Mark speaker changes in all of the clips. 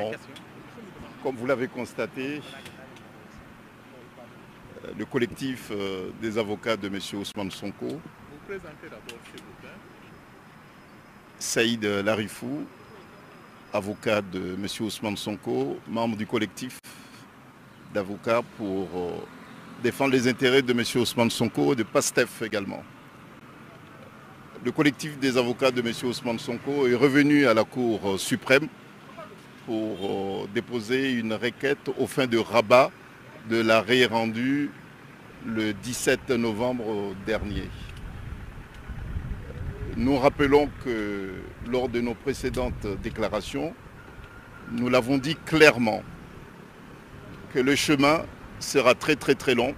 Speaker 1: Bon, comme vous l'avez constaté, euh, le collectif euh, des avocats de M. Ousmane Sonko, Saïd Larifou, avocat de M. Ousmane Sonko, membre du collectif d'avocats pour euh, défendre les intérêts de M. Ousmane Sonko et de PASTEF également. Le collectif des avocats de M. Ousmane Sonko est revenu à la Cour euh, suprême pour euh, déposer une requête aux fins de rabat de l'arrêt rendu le 17 novembre dernier. Nous rappelons que lors de nos précédentes déclarations, nous l'avons dit clairement, que le chemin sera très très très long,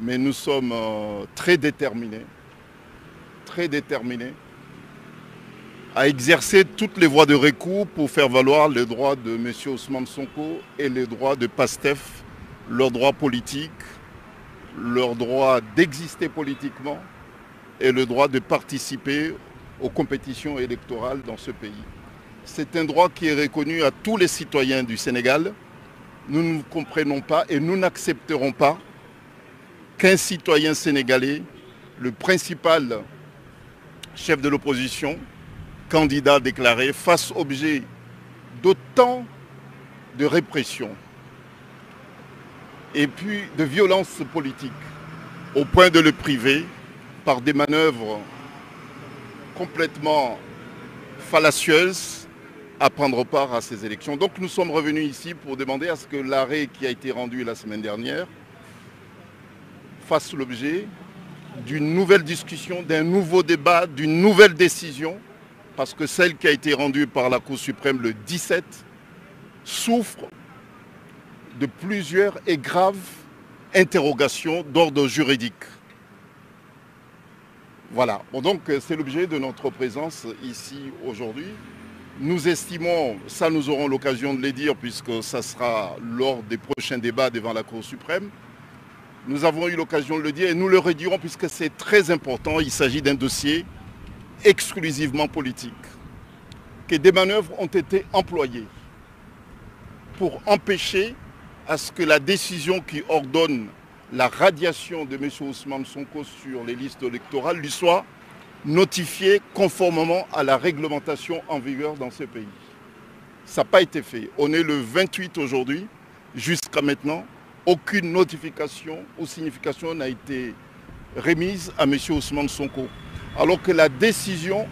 Speaker 1: mais nous sommes euh, très déterminés, très déterminés à exercer toutes les voies de recours pour faire valoir les droits de M. Ousmane Sonko et les droits de PASTEF, leurs droits politiques, leur droit d'exister politiquement et le droit de participer aux compétitions électorales dans ce pays. C'est un droit qui est reconnu à tous les citoyens du Sénégal, nous ne comprenons pas et nous n'accepterons pas qu'un citoyen sénégalais, le principal chef de l'opposition, candidat déclaré, fasse objet d'autant de répression et puis de violence politique, au point de le priver par des manœuvres complètement fallacieuses à prendre part à ces élections. Donc nous sommes revenus ici pour demander à ce que l'arrêt qui a été rendu la semaine dernière fasse l'objet d'une nouvelle discussion, d'un nouveau débat, d'une nouvelle décision, parce que celle qui a été rendue par la Cour suprême le 17 souffre de plusieurs et graves interrogations d'ordre juridique. Voilà, donc c'est l'objet de notre présence ici aujourd'hui. Nous estimons, ça nous aurons l'occasion de le dire puisque ça sera lors des prochains débats devant la Cour suprême, nous avons eu l'occasion de le dire et nous le redirons puisque c'est très important, il s'agit d'un dossier exclusivement politique, que des manœuvres ont été employées pour empêcher à ce que la décision qui ordonne la radiation de M. Ousmane Sonko sur les listes électorales lui soit notifié conformément à la réglementation en vigueur dans ce pays. Ça n'a pas été fait. On est le 28 aujourd'hui. Jusqu'à maintenant, aucune notification ou signification n'a été remise à M. Ousmane Sonko. Alors que la décision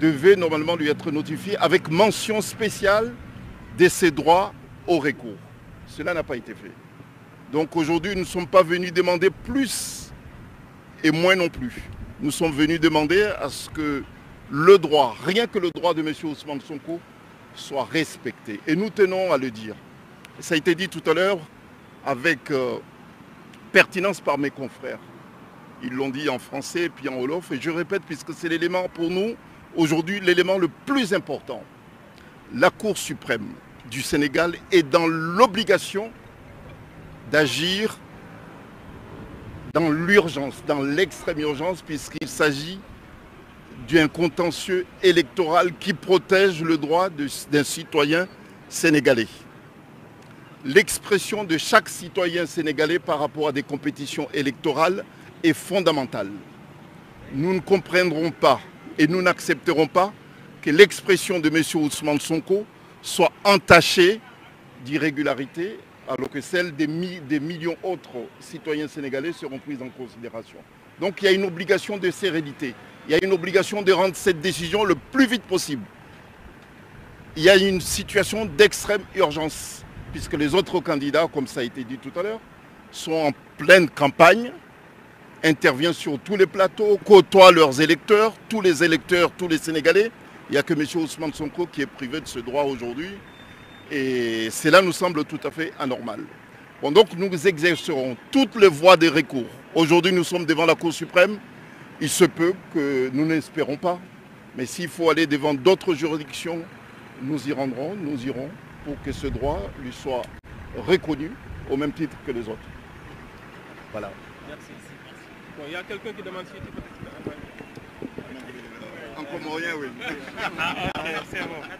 Speaker 1: devait normalement lui être notifiée avec mention spéciale de ses droits au recours. Cela n'a pas été fait. Donc aujourd'hui, nous ne sommes pas venus demander plus et moins non plus nous sommes venus demander à ce que le droit, rien que le droit de M. Ousmane Sonko, soit respecté. Et nous tenons à le dire. Ça a été dit tout à l'heure avec euh, pertinence par mes confrères. Ils l'ont dit en français et puis en Olof. Et je répète, puisque c'est l'élément pour nous, aujourd'hui, l'élément le plus important. La Cour suprême du Sénégal est dans l'obligation d'agir dans l'urgence, dans l'extrême urgence, puisqu'il s'agit d'un contentieux électoral qui protège le droit d'un citoyen sénégalais. L'expression de chaque citoyen sénégalais par rapport à des compétitions électorales est fondamentale. Nous ne comprendrons pas et nous n'accepterons pas que l'expression de M. Ousmane Sonko soit entachée d'irrégularités, alors que celles des, millions d'autres citoyens sénégalais seront prises en considération. Donc il y a une obligation de sérénité, il y a une obligation de rendre cette décision le plus vite possible. Il y a une situation d'extrême urgence, puisque les autres candidats, comme ça a été dit tout à l'heure, sont en pleine campagne, interviennent sur tous les plateaux, côtoient leurs électeurs, tous les électeurs, tous les Sénégalais. Il n'y a que M. Ousmane Sonko qui est privé de ce droit aujourd'hui et cela nous semble tout à fait anormal. donc nous exercerons toutes les voies des recours. Aujourd'hui, nous sommes devant la Cour suprême. Il se peut que nous n'espérons pas, mais s'il faut aller devant d'autres juridictions, nous y rendrons, nous irons pour que ce droit lui soit reconnu au même titre que les autres. Voilà.
Speaker 2: Merci. il y a quelqu'un qui demande si tu peut
Speaker 1: En oui. Ah, ah, ah,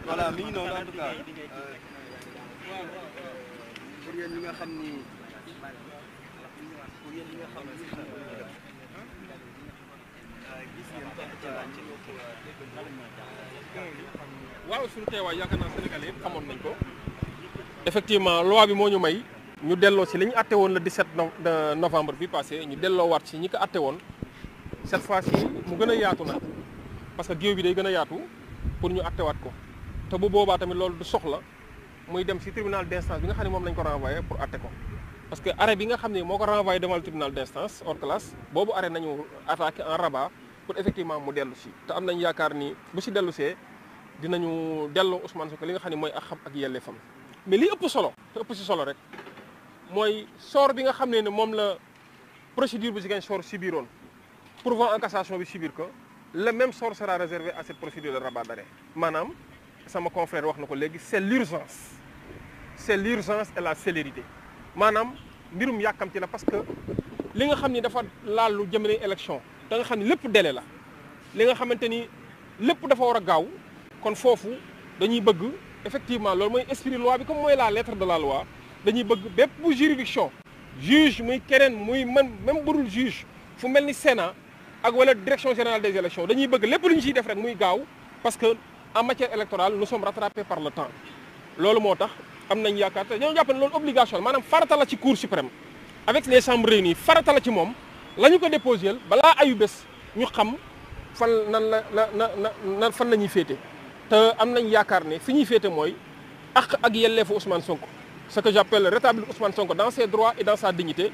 Speaker 1: voilà, mine en tout
Speaker 2: yéen ñi nga xam ni pour yéen ñi nga xam ni waaw suñu nañ ko effectivement loi bi moo ñu may ñu delloo si li ñu àtte woon le 17 novembre bi passé ñu delloo waat si ñi ko àtte woon cette fois ci mu gën a yaatu nag parce que géew bi day gën a yaatu pour ñu àttewaat ko te boobaa tamit loolu du soxla muy dem si tribunal d' instance bi nga xam ne moom lañ ko renvoyé pour atte ko parce que arrêt bi nga xam ne moo ko renvoyé devant le tribunal d' instance classe boobu arrêt nañu attaqué en rabat pour effectivement mu dellu si te am nañ yaakaar ni bu si dellu see dinañu delloo Ousmane Sonko li nga xam ne mooy ak xam ak yelleefam mais li ëpp solo te ëpp si solo rek mooy sort bi nga xam ne ne moom la procédure bu Ziguinchor subiroon pourvoi en cassation bi si ko le même sort sera réservé à cette procédure de rabat maanaam sama confrère wax na nos collègues, c'est l'urgence c'est l'urgence et la célérité manam mbirum yakamti la parce que li nga xamni dafa laal lu élection da nga xamni lepp délai la li nga xamanteni lepp dafa wara gaaw kon fofu dañuy bëgg effectivement lool moy esprit loi bi comme moy la lettre de la loi dañuy bëgg bép bu juridiction juge muy keneen muy man même burul juge fu melni sénats, Sénat ak wala direction générale des élections dañuy bëgg lepp luñ ci def rek muy gaaw parce que en matière électorale nous sommes rattrapés par le temps loolu le tax am nañ yaakaar te ñoo obligation maanaam farata la ci cour suprême avec les chambres réunies farata la ci L'année la ñu ko déposé balaa ayu bés ñu xam fan nan la na na fan la ñuy féete te am Ousmane Sonko ce que j'appelle rétablir Ousmane Sonko dans ses droits et dans sa dignité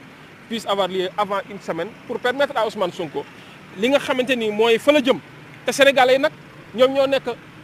Speaker 2: puisse avoir lieu avant une semaine pour permettre à Ousmane Sonko li nga vous ni c'est fa la jëm sénégalais n'ak ñoom ñoo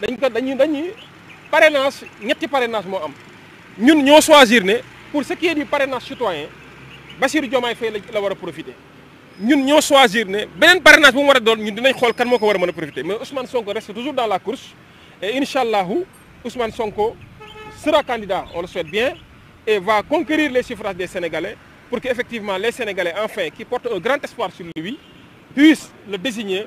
Speaker 2: Nous ko parrainage ñetti parrainage choisir pour ce qui est du parrainage citoyen Bassir Diomaye Faye la wara profiter ñun ñoo choisir ne parrainage bu profiter mais Ousmane Sonko reste toujours dans la course et Inch'Allah Ousmane Sonko sera candidat on le souhaite bien et va conquérir les suffrages des Sénégalais pour que les Sénégalais enfin qui portent un grand espoir sur lui puissent le désigner